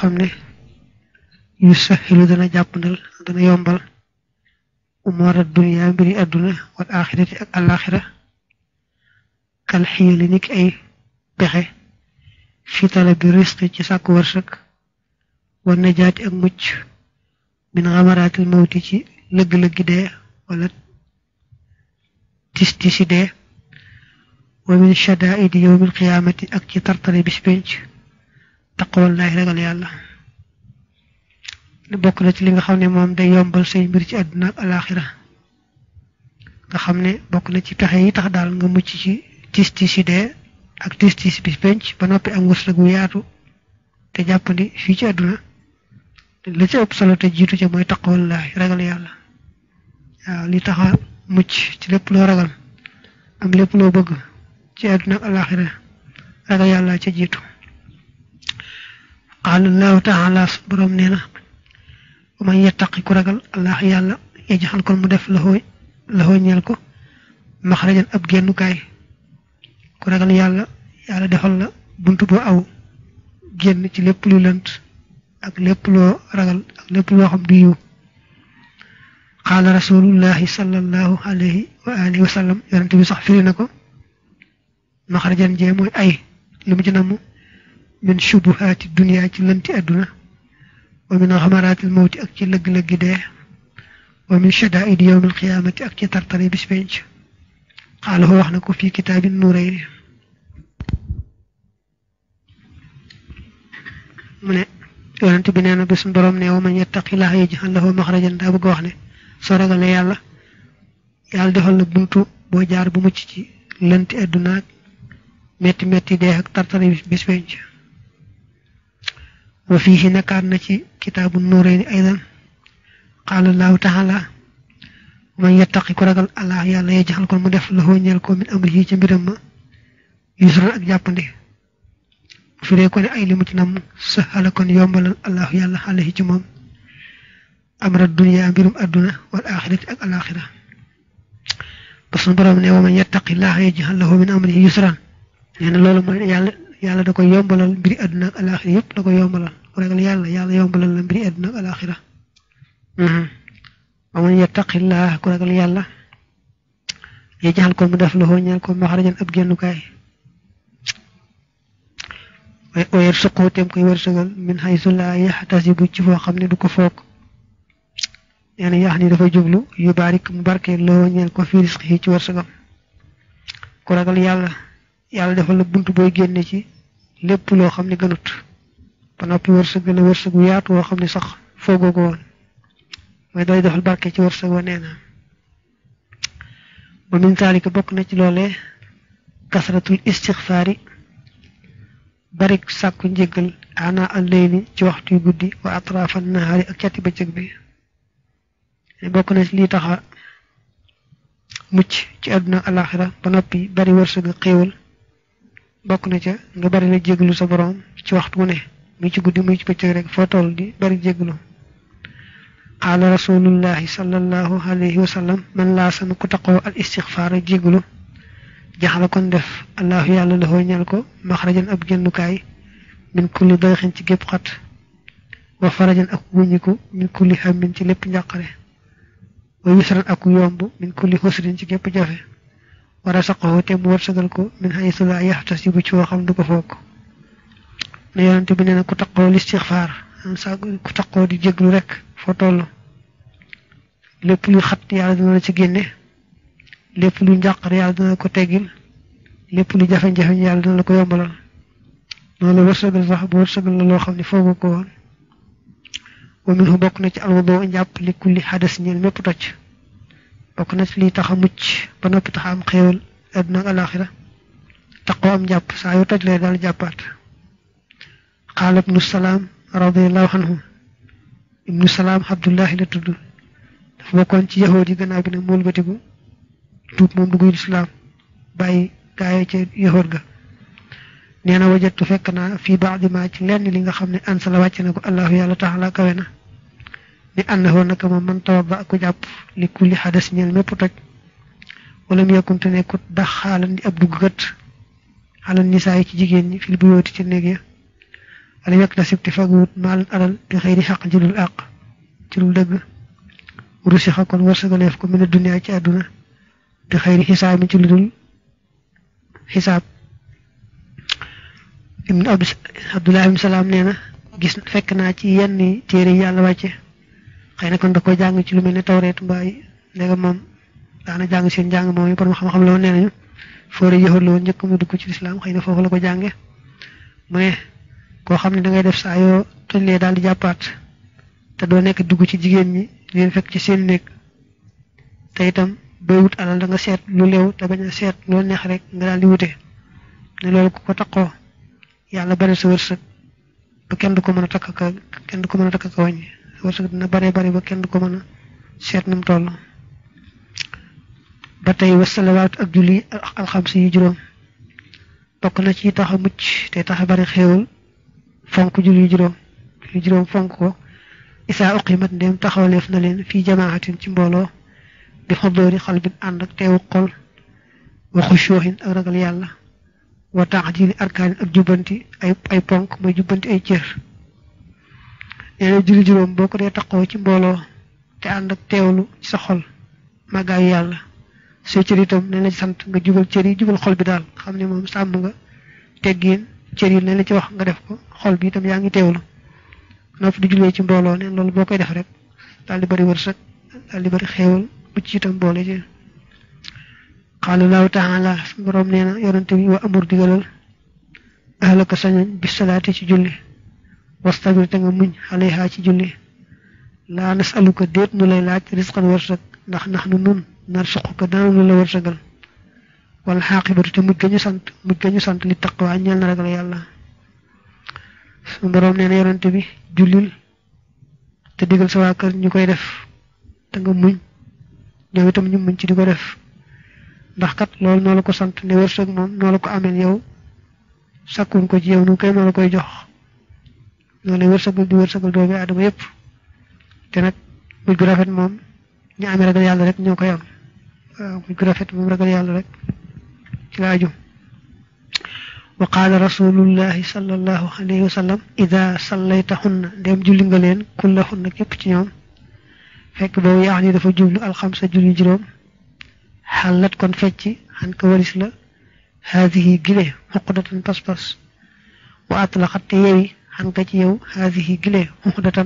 xamne yu sahilu dana jappal dana yombal umara dunya mbiri aduna wal akhirati ak al-akhirah kal xiyali nik ay pexe fi tala bi risque ci sak wërsëg wa na ak mucc min xamaraatil mawti ci leug leug de wala tis tis de wa min shada'id yawm al-qiyamati ak ci tartale bis penc taqawal laay ragal yàlla bokk na ci li nga xam ne moom day yombal say mbir ci adduna ak alaaxira nga xam ne bokk na ci pexe yi tax daal nga mucc ci tistis yi dee ak tistis bi penc ba noppi am wërsëg wu yaatu te jàppandi fii ci àdduna la ca ëpp solo te jiitu ci mooy taqawal laay ragal yàlla waaw li taxa mucc ci lépp loo ragal am lépp loo bëgg ci àdduna ak alaaxira ragal yàlla ca jiitu qaala allahu taala borom nee na wa man yattaqi ku ragal allah yàlla yajxal kon mu def laxoo laxoo ñeel ko maxrajan ab génnukaay ku ragal yàlla yàlla defal la bunt boo aw génn ci lépp lu lënt ak lépp loo ragal ak lépp loo xam du yiw qaala rasulullahi sallallahu alayhi wa alihi wa sallam yonente bi sax firi na ko maxrajan jee mooy ay li mu ci namm من شبهات الدنيا كلنت أدنى ومن غمرات الموت أكي لق لق ومن شدائد يوم القيامة أكي ترطري بسبينش قال هو احنا في كتاب النورين من يونت بنانا بسم برم نيو من يتق الله يجعل له مخرجا داب غوخنا سورغ لا يالا يال دخل بنتو بو جار بو متي لنت ادنا متي متي ده ترتري بسبينش wa fihi nakar na ci kitabu nurayni aydan qala allah ta'ala man yattaqi ku ragal allah yalla yajhal ko mu def nyal ko min amrihi ci mbiram ma yusra ak jappande fure ko ne ay limu ci nam sahala kon yombalal allah yalla xalahi ci mom amra dunya mbirum aduna wal akhirati ak al akhirah bas sun borom ne wa man yattaqi yajhal lahu min amrihi yusra ñene lolu moy yalla yalla da koy yombalal aduna ak al akhirah yep da yombalal ragal yalla yalla ya yombalal la mbiri aduna al akhirah hmm amun yattaqillah ku ragal yalla ya jaxal ko mu def lo ñal ko maxarajan ab gennukaay way oyar suqu tem koy wërsegal min haythu la yahtasibu ya ya ci fo xamne du ko fokk yani yaxni dafa jublu yu barik mu barke lo ñal ko fi ci ku ragal yalla yalla defal buntu boy genn ci lepp lo xamni gënut ba noppi wërsëg bi na wërsëg bu yaatu woo xam ne sax foogoo ko woon mooy day defal barke ci wërsëg wa nee na wa min zaalika bokk na ci loolee kasratul istixfaari barik sàkku njëggal ana alleyli ci waxtu yu guddi wa atraafan nahaari ak cati bëccëg bi bokk na ci lii taxa mucc ci àdduna alaxira ba noppi bari wërsëg xéewal bokk na ca nga bari la jéglu sa borom ci waxtu wu ne mi ci guddi muy ci pecc rek fo tol di bari jeglu qala rasulullahi sallallahu alayhi wa sallam man la sam ku taqo al istighfar jeglu jaxala kon def allah yalla la ho ñal ko makhrajan ab kay min kulli dayxin ci gep khat wa farajan ak min kulli hammin ci lepp ñakare wa yusran ak yombu min kulli husrin ci gep jafé wa rasaqahu mu wursagal ko min haythu la yahtasibu ci waxam du ko fokk ne yonente bi nee na ku taqoo listixfaar sa ko taqoo di jéglu rek foo toll lépp lu xat yàlla dina la ci génne lépp lu njàqar yàlla dina la ko teggil lépp lu jafe-jafe yàlla dina la ko yombalal noonu wërsëgal sax bu wërsëgal la loo xam ne foogu ko woon wa bokk na ci alwudu njàpp li kulli xadas ñeel mépp toj bokk na ci liy tax a mucc ba noppi a am xéewal àdduna ak alaaxira taqoo am njàpp saa yu toj lay daal jàppaat qaala ibnu salaam radiallahu anhu ibnu salaam abdullahi la tudd dafa bokkoon ci yahood yi gannaaw gi nag mool batigu tuub moom dugg lislaam bàyyi gaaye ca yahood ga nee na fekk naa fii baadi ma ci lenn li nga xam ne an sala wàcce na ko allahu yàlla taala kawe na ni ànnaxoo naka man tawadda ku jàpp li kulli xadas ñeel mépp toj wala mu yekkunte nekkut dax xaalan di ab duggkat xaalan nisaa yi ci jigéen ñi fi buyooti ci néeg ya yak yaktasib sibti fagut mal alal bi xeyri xaq ci lul àq ci lul dëgg rusi xakon ya wërsëgaleef ko min dunya ci aduna bi xeyri xisaabi ci ludul xisaab ibn abdullah ibn salam neena gis fek na ci yenn téere yalla wacce xeyna kon da ko jang ci lu melni tawret mbay nega mom moom daana seen jang moom par xam-xam lo woon nee nañu foore yëxal la mu ci islam xeyna fofu la ko jangé mune koo xam ne da ngay def saa yoo tëjlee daal di jàppaat te doo nekk dugg ci jigéen ñi leen fekk ci seen néeg te itam booy wut alal da nga seet lu lew te bañ a seet loo neex rek nga daal di wute ne loolu ko ko taqoo yàlla bare sa wërsëg ba kenn du ko mën a takk ka kenn du ko mën a takk ka wàññi wërsëg dina bare bare ba kenn du ko mën a seet num toll ba tey wasalawaat ak julli ak alxamsa yu juróom bokk na ci taxa mucc te taxa bari xéewal fonk julli juróom julli juróom fonk isa uqimat dem taxawleef na leen fi jamaatin ci mbooloo bi xoddoori xalbin ànd ak teewu xol wa xushuuxin ak ragal yàlla wa taxdili arkaanin ak jubanti ay ay ponk mooy jubanti ay cër neena julli juróom boo ko dee ci mbooloo te ànd ak teewlu ci sa xol màggaayu yàlla soo cër itam ne la sant nga jubal cër yi jubal xol bi nga cër yu ne la ci wax nga def ko xol bi itam yaa ngi teewlu nopp di jullee ci mbooloo ne loolu boo koy def rek daal di bari wërsëg daal di bari xéewal mucc itam boole ci qaala laahu taala suñu borom nee na yonente bi wa amur digalal ahlaka sañoñ bi salaati ci julli wastabir te nga muñ alayha ci julli laa nasaluka déet nu lay laaj risqan wërsëg ndax nax nu nun nar suqu ko daanu la wërsëgal wal xaqibatu te mujj ñu sant mujj ñu sant li taqwa ñal na ragal ya yalla su borom ne na te bi julil te digal sa wa kër ñukoy def te nga muñ ñoom itam ñu muñ ci di def ndax kat lool na la ko sant ne wërsëg mom na la ko amel yow sakkuñ ko ci yow nu koy noo la koy jox noonu wërsëgal di wërsëgal doomi adam yépp te nag mujj rafet mom ñu amee ragal yalla rek ñokoy am ah, mujj rafet mom ragal yalla rek إخراجه وقال رسول الله صلى الله عليه وسلم إذا صليتهن دم جلنجلين كلهن كبتنهم فك بو يعني دفع جبل الخمسة جلي جروم حلت كون فتي عن كواليس هذه جلي مقدة بس بس وأطلقت يوي عن كتيو هذه جلي مقدة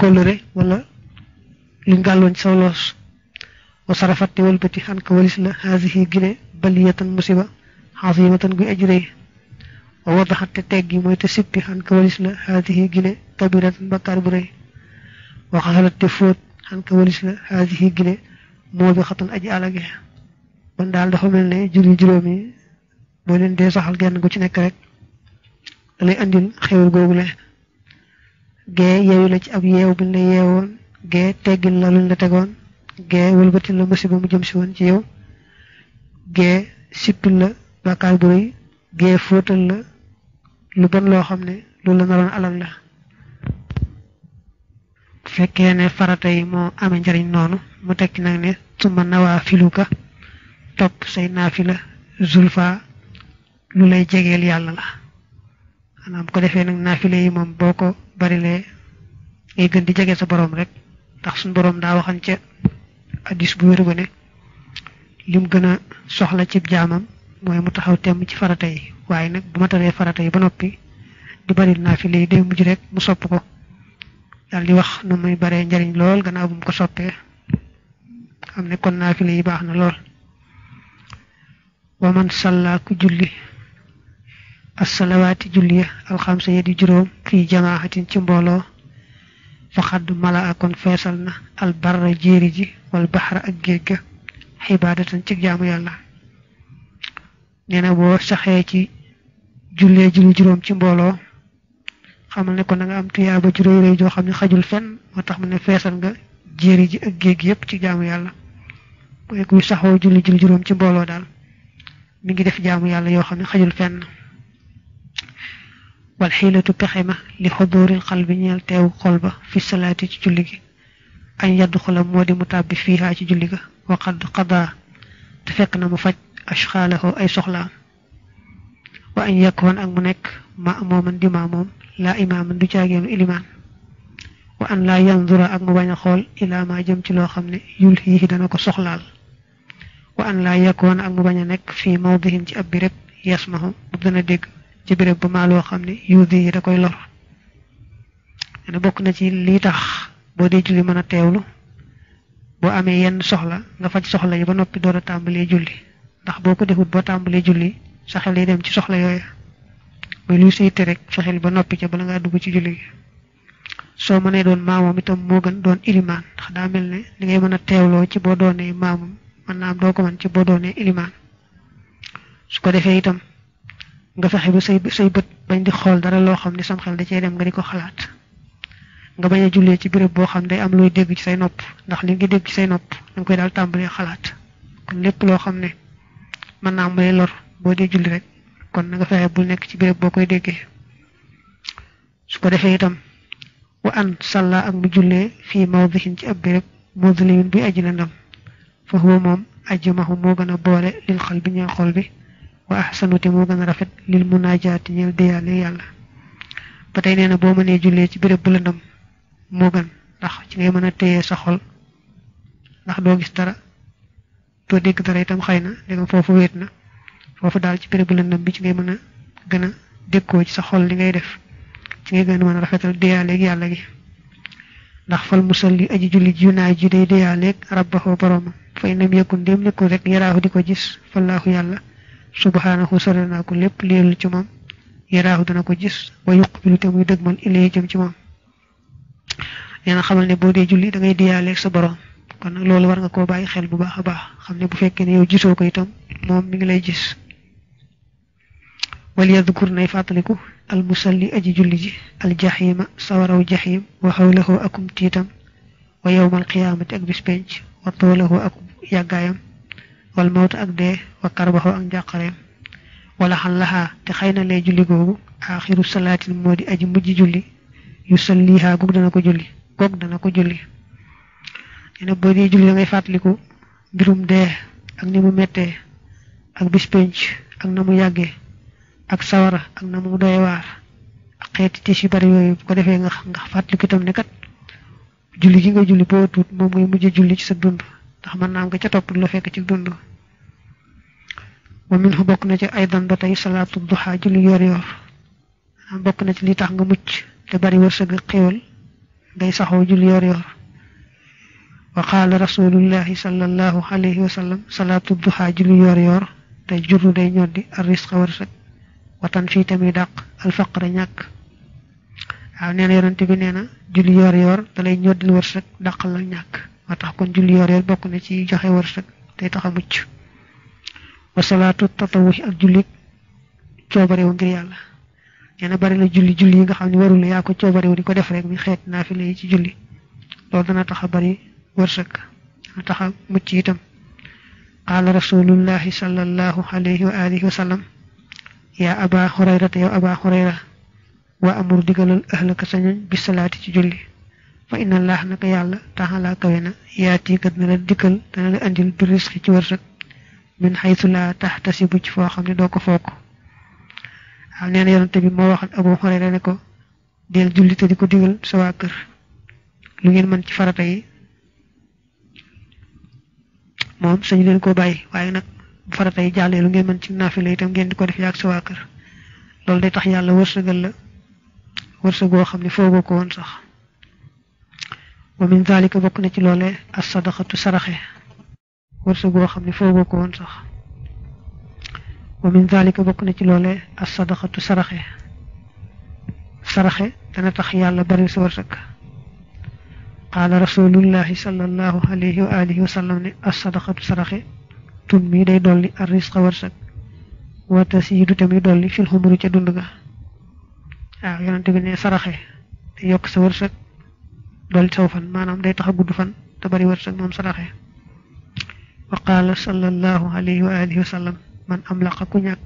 كولري ولا لنجالون سولوس wa sarafat te wëlbati an ko walis na haasihi gile baliyatan musiba xasimatan guy aju rëy wa wadaxat te teggi mooy te sippi an ko walis na haasihi gile kabiratan bakkaar bu rëy wa xasalat te fóot an ko walis na haasihi gile moo bi xatan aji alage ban daal dafa mel ne jur yu juróom yi boo leen dee saxal genn gu ci nekk rek da lay andil xewul googu gee yeewu ci ab yeew bi ñu la yeewoon gee teggil la luñ la tegoon gee wëlbatil la musiba mu jëm si woon ci yow gee sippil la bàkkaar bu rëy gee fóotal la lu bon loo xam ne loolu la naroon alal la fekkee ne farata yi moo amee njariñ noonu mu tekki nag ne suma nawaa filuka topp say naafila zulfa lu lay jegeel yàlla la maanaam ko defee nag naafila yi moom boo ko barilee ngay gën di jege sa boroom rek ndax suñ boroom daa waxan hadis bu wër bu ne lim gëna soxla ci jaamam moy mu taxaw temm ci farata yi waye nak bu taré farata yi ba nopi di bari na fi lay dem mujj rek mu sopp ko dal di wax nu muy bare njariñ lool gëna bu ko soppé xam kon na fi lay bax na lool wa man salla ku julli as salawati julliya al-khamsa yadi juróom fi jamaahatin ci mbolo fa khad mala kon al barra jéeri ji wal baxara ak géej ga xibaadatan ci jaamu yàlla nee boo saxee ci jullee julli juróom ci mbooloo xamal ne ko na nga am tuyaaba ju rëy joo xam ne xajul fenn moo tax mu ne feesal nga jéeri ji ak géej gi ci jaamu yàlla mooy kuy saxoo julli julli juróom ci mbooloo daal mi ngi def jaamu yàlla yoo xam ne xajul fenn wal xiilatu pexe ma li xuduril xal bi ñeel teew xol ba fi salaati ci julli gi an yadkhula modi mu tabbi fiha ci julli ga wa qad qada te fekk na mu faj ashkhalahu ay soxlaam wa an yakun ak mu nek ma'muman di ma'mum la imaman du ciagem iliman wa an la yanzura ak mu baña xol ila ma jëm ci lo xamne yulhihi dana ko soxlaal wa an la yakun ak mu baña nek fi mawdihin ci ab birab yasmahu bu dana deg ci birab bu ma lo xamne yudi da koy lor ene bok na ci li tax bo dee julli mën a bo amé yenn soxla nga faj soxla yi ba nopi door a tàmbalee julli ndax boko defut bo tambalé julli sa xel dem ci soxla yooya muy luy sayte rek xel ba noppi ca bala nga dugg ci julli so mané mënee doon maamam itam mo gën doon iliman ndax da melni ne li ngay mëna a ci bo doone maamam man na am doo ko man ci bo doone iliman su ko defé itam nga fexe ba sey sey bëtt bañ di xol dara lo xamni sam xel da cee dem nga ko xalaat nga bañ a jullee ci béréb boo xam day am looy dégg ci say nopp ndax li nga dégg ci say nopp da koy daal tàmbalee xalaat kon lépp loo xam ne mën naa am lay lor boo dee julli rek kon na nga fexe bul nekk ci béréb boo koy déggee su ko defee itam wa an salla ak mu jullee fii mawdihin ci ab béréb mudliyun bi aji lëndam fa huwa moom ajmahu moo gën a boole lil xal bi ñeel xol bi wa ahsanu te moo gën a rafet lil munaajaati ñeel déyaale yàlla ba tey nee na boo mënee jullee ci béréb lëndam moo gën ndax ci ngay mën a téye sa xol ndax doo gis dara doo dégg dara itam xëy na dégam foofu wéet na foofu daal ci bérébu lëndëm bi ci ngay mën a gën déggoo ci sa xol li ngay def ci ngay gën a mën a rafetal déyaaleeg yàlla gi ndax fal musalli aji julli ji yu naa ji day déyaaleeg rabbahu boroomam fay nam yekkul ndéem nekkul rek yaraahu di ko gis fallaahu yàlla subhaanahu sore naa ko lépp leelul ci moom yaraahu dina ko gis wa yuqbilu te muy dëgmal ilayhi jëm ci moom nee na xamal ne boo dee julli dangay ngay diyaaleeg sa borom kon nag loolu war nga koo bàyyi xel bu baax a baax xam ne bu fekkee ne yow gisoo ko itam moom mi ngi lay gis wal yadkur nay fàttaliku al musalli aji julli ji al jaxiima sawaraw jaxiim wa xawlahu akum tiitam wa yowmal qiyaamati ak bis penc wa ak yàggaayam wal mawta ak wa karbaxoo ak njàqareem wala xan laxaa te xëy na lay julli googu salaatin moo di aji mujj julli yu sallihaa gug dana ko julli kok dana ko julli ene bo di julli ngay fatlikou birum de ak ni mu metté ak bis penc ak namu yagge ak sawara ak namu doy war ak xéti ci ci bari yoy ko defé nga nga fàttaliku tam ne kat julli gi nga julli bo tut moom ngay mujjé julli ci sa dund tax man na nga ca top lu fekk ci dund wa minhu bokna ci aidan ba tey salatu dhuha julli yor yor bokna ci li tax nga mucc te bari wërsëg xewal day saxo jul yor yor wa qala rasulullahi sallallahu alayhi wa sallam salatu duha jul yor yor te jurru day ñoddi ar risqa warsak watan fi tammi daq al faqr ñak aw neena yonent bi neena jul yor yor da lay ñoddil warsak la ñak watax kon jul yor yor bokku na ci joxe warsak day taxa muccu wa salatu tatawwu ak julik ciobare wu ngir yalla ñena bari la julli julli nga xamni warul ya ko bari wu diko def rek mi xet fi lay ci julli loolu dana taxa bari wërsak taxa mucc itam قال رسول الله صلى الله عليه وآله وسلم يا أبا هريرة يا أبا هريرة وأمر دقل أهلك سنين بالصلاة تجلي فإن الله نك يعلى تعالى كوينا ياتي قد نلا دقل تنلا أنجل برزق من حيث لا تحتسب فوق من دوك فوق xam nee na yonante bi moo waxal Abu Hurayra ne ko del julli te di ko digal sa kër lu ngeen mën ci faratay moom sañu leen koo bàyyi waaye nag bu farata yi jàllee lu ngeen mën ci naafila itam ngeen di ko def yaag sa waa kër loolu day tax yàlla wërsëgal la wërsëgoo xam ne foogoo ko woon sax wa min zalika bokk na ci loole as sadaqatu saraxe wërsëgoo xam ne foogoo ko woon sax ومن ذلك بكنا تي لولاي الصدقه صرخه صرخه دنا تخ يالا بري سورسك قال رسول الله صلى الله عليه واله وسلم الصدقه صرخه تنمي داي دولي الرزق ورسك وتسيد تمي دولي في الخمر تي دوندغا اه يونت بي ني صرخه يوك سورسك دول توفن مانام داي تخا غود فان تبري ورسك موم صرخه وقال صلى الله عليه واله وسلم man am laqa ku ñak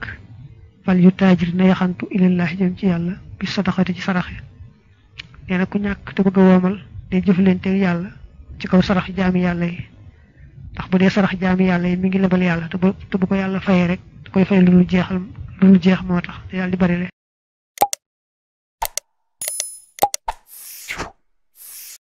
fal yu taajir na yaxantu ilallahi jëm ci yalla bi sadaxati ci sarax ya. nee ku ñak te bëgg a woomal day jëflanteeg yalla ci kaw sarax jaami yalla yi tax bu sarax jaami yalla yi mi ngi lebal yalla te bu ko yalla fayé rek koy fay lu jeexal lu jeex motax te yalla di bari